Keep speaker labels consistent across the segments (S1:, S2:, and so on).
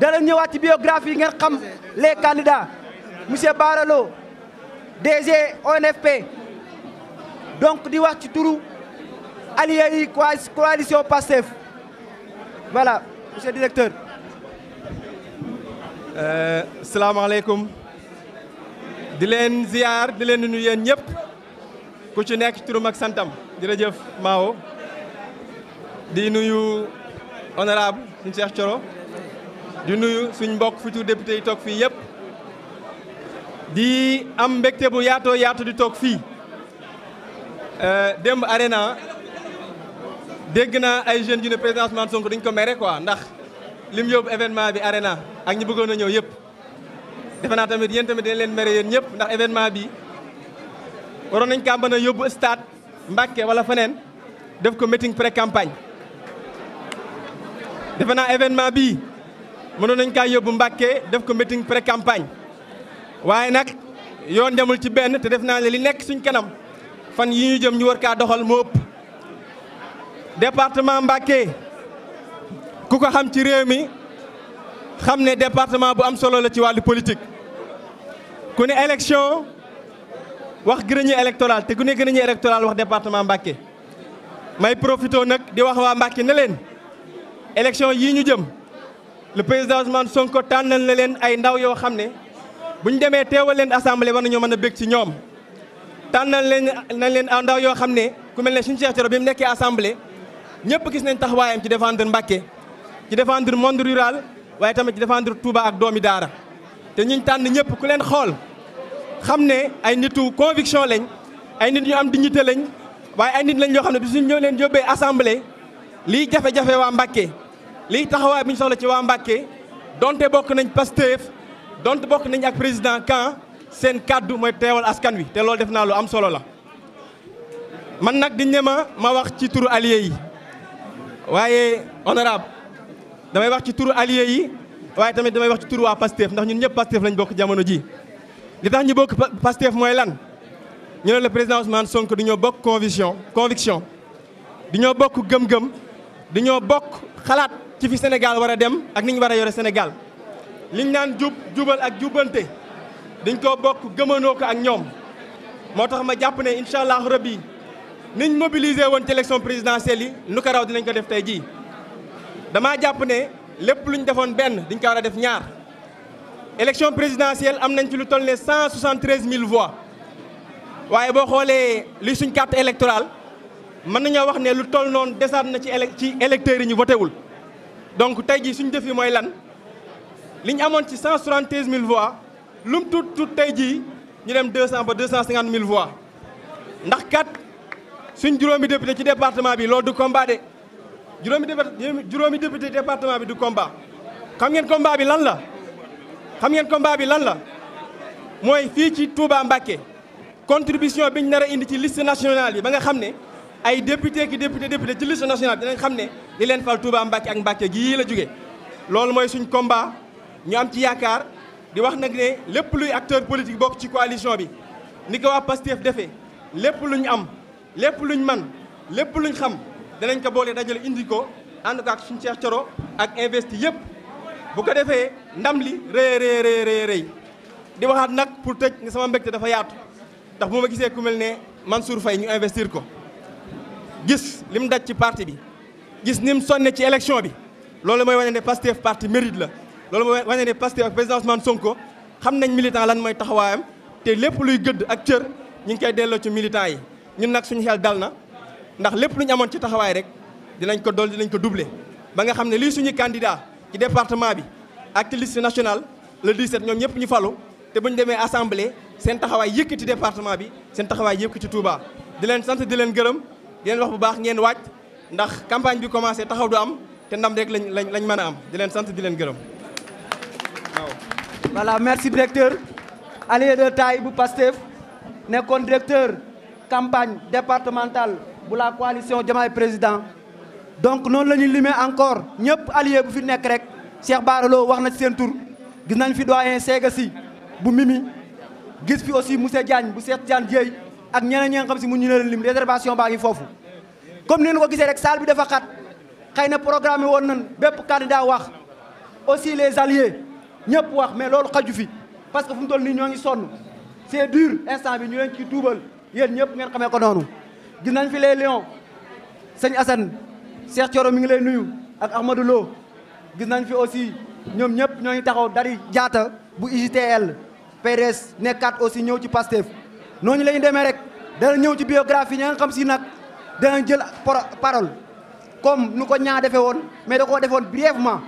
S1: dana ñëwaat ci biographie yi ngeen xam les candidats monsieur Baralo DG ONFP donc di wax ci turu allié yi coalition Pastef voilà monsieur directeur
S2: directeur. salaamaaleykum di leen ziar di leen nuyu yéen ñëpp ku ci nekk turam ak santam jërëjëf Mao di nuyu honorable suñu Cheikh Thioro. di nuyu suñ mbokk futur député yi toog fii yëpp di am mbégte bu yaatoo yaatu di toog fii euh, démb arena dégg na ay jeunes yu ne président Ousmane Sonko dañ ko mere quoi ndax lim yóbbu événement bi arena ak ñi bëggoon a ñëw yëpp defe naa tamit yéen tamit dañ leen mere yéen ñëpp ndax événement bi waroon nañ kaa mën a yóbbu stade Mbàkke wala feneen def ko meeting pré campagne defe naa événement bii mënoon nañ kaa yóbbu Mbàkke def ko meeting pré campagne waaye nag yoon demul ci benn te def naa ne li nekk suñ kanam fan yi ñu jëm ñu war kaa doxal moo ëpp département Mbàkke ku ko xam ci réew mi xam ne departement bu am solo la ci wàllu politique ku ne élection wax grenier électoral te ku ne grenier électoral wax département Mbàkke may profité nag di wax waa Mbàkke ne leen élection yii ñu jëm le président Ousmane Sonko tànnal na leen ay ndaw yoo xam ne bu ñu demee teewal leen assemblée war nañoo mën a bég ci ñoom tànnal leen na leen ay ndaw yoo xam ne ku mel ne suñu Cheikh Thioro bi mu nekkee assemblée ñëpp gis nañ taxawaayam ci défendre Mbacké ci défendre monde rural waaye tamit ci défendre Touba ak doomi daara te ñuñ tànn ñëpp ku leen xool xam ne ay nitu conviction lañ ay nit ñu am dignité lañ waaye ay nit lañ yoo xam ne bi suñ ñëw leen yóbbee assemblée lii jafe waa Mbacké lii taxawaay bi ñu soxla ci waa Mbàkke donte bokk nañ Pastef donte bokk nañ ak président Kan seen kàddu mooy teewal askan wi te loolu def naa lu am solo la man nag di ñema ma wax ci turu allier yi waaye honorable damay wax ci turu allié yi waaye tamit damay wax ci turu waa Pastef ndax ñun ñëpp Pastef lañ bokk jamono ji li tax ñu bokk Pastef mooy lan ñu ne le président Ousmane Sonko dañoo bokk conviction conviction dañoo bokk gëm-gëm dañoo bokk xalaat ci fi Sénégal war a dem ak ni ñu war a yore Sénégal liñ naan jub jubal ak jubbante dañ koo bokk gëmanoo ko ak ñoom moo tax ma jàpp ne incha allah rabbi niñ mobilisé woon ci élection présidentielle yi nu ko raw dinañ ko def tey jii damaa jàpp ne lépp lu ñu defoon benn dañ ko war a def ñaar élection présidentielle am nañ ci lu toll ne 173000 voix waaye boo xoolee li suñ carte électorale mën nañoo wax ne lu toll noonu desaat na ci ci électeurs yi ñu voté donc tey jii suñu defi mooy lan li ñu amoon ci 173 000 voix lum tuut tuut tey jii ñu dem 200 ba 250 000 voix ndax kat suñ juróomi député ci département bi loolu du combat de juróomi juróomi député département bi du combat xam ngeen combat bi lan la xam ngeen combat bi lan la mooy fii ci Touba Mbacké contribution biñ nar a indi ci liste nationale bi ba nga xam ne ay député ki député député ci liste nationale bi dinañ xam ne li leen fal Touba Mbacke ak Mbacke gii la jóge loolu mooy suñ combat ñu am ci yaakaar di wax nag ne lépp luy acteur politique bokk ci coalition bi ni ko waa Pastef defee lépp luñ am lépp luñ man lépp luñ xam danañ ko boole dajale indi ko ànd ko ak suñ Cheikh Thioro ak investi yëpp bu ko defee ndam li rëy rëy rëy di waxaat nag pour tëj ni sama mbégte dafa yaatu ndax bu ma gisee ku mel ne Mansour Faye ñu investir ko gis lim daj ci parti bi gis ni mu sonne ci élection bi loolu mooy wane ne Pastef parti mérite la loolu mooy wane ne Pastef ak président Ousmane Sonko xam nañ militant lan mooy taxawaayam te lépp luy gëdd ak cër ñu ngi koy delloo ci militant yi ñun nag suñu xel dal na ndax lépp lu ñu amoon ci taxawaay rek dinañ ko dool dinañ ko duble ba nga xam ne lii suñu candidat ci département bi ak ci liste nationale le 17 ñoom ñëpp ñu falu te bu ñu demee assemblée seen taxawaay yëkkati département bi seen taxawaay yëkkati Touba di leen sant di leen gërëm di leen baax ngeen waaj ndax campagne bi commencé taxaw du am te ndam rek lañ lañ lañ mën a am di leen sant di leen gërëm
S1: waaw. merci directeur allié de taille bu Pastef nekkoon directeur campagne départementale bu la coalition Diomaye Président donc noonu lañuy ñuy encore ñëpp allier bu fi nekk rek Cheikh Bara wax na ci seen tur gis nañ fi doyen Séga Sy bu Mimi gis fi aussi monsieur Diagne bu Cheikh Diagne Dieye ak ñeneen ñi xam si mu ñu leen lim baa ngi foofu. comme ni ko gisee rek salle bi dafa xat xëy na programme woon nañ bépp candidat wax aussi les alliés ñëpp wax mais loolu xaju fi parce que fu toll nii ñoo ngi sonn c'est dur instant bi ñu leen ciy tuubal yéen ñëpp ngeen xamee ko noonu. gis nañ fi les lions sëñ Assane Cheikh Thioro mi ngi lay nuyu ak Ahmadou Lo gis nañ fi aussi ñoom ñëpp ñoo ngi taxaw dari jaata bu UJTL PDS nekkaat aussi ñëw ci Pastef noonu nooñu ñu demee rek dana ñëw ci biographie ña nga xam si nag. danañ jël parole comme nu ko ñaa defee woon mais da koo defoon brièvement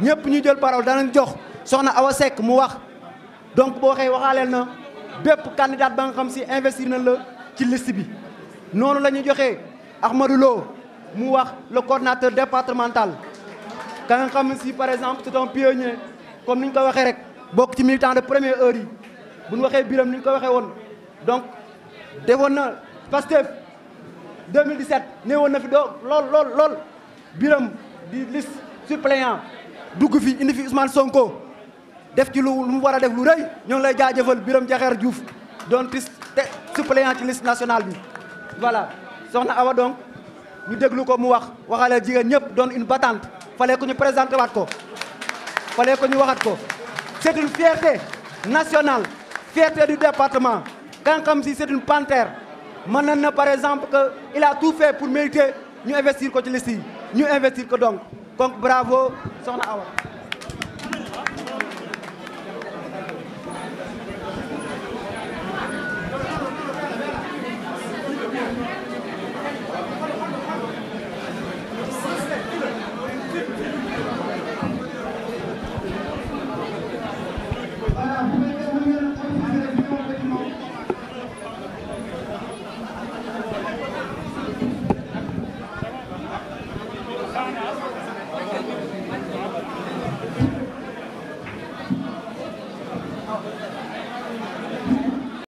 S1: ñëpp ñu jël parole danañ jox soxna Awa Seck mu wax donc boo waxee waxaaleel na bépp candidat ba nga xam si investir na la ci liste bi noonu la ñu joxee Ahmadou Lo mu wax le coordonnateur départemental ka nga xam si par exemple c'est un pionnier kon ni ko waxee rek bokk ci militant de première heure yi bu ñu waxee biram ni ñu ko waxee woon donc defoon na Pastef 2017 néewoon na fi doo lool lool lool biram di liste suppléant dugg fi indi fi Sonko def ci lu mu war a def lu rëy ñoo lay jaajëfal biram jaxeer Diouf doon liste suppléant ci liste nationale bi voilà soxna Awa donc ñu déglu ko mu wax waxaale jigéen ñëpp doon une battante fallait que ñu présenté waat ko fallait que ñu waxat ko c'est ferte fierté nationale di du département Kang Xam si c'est une panthère mën na na par exemple que il a tout fait pour mériter ñu investir ko ci liste ñu investir ko donc kon bravo soxna Awa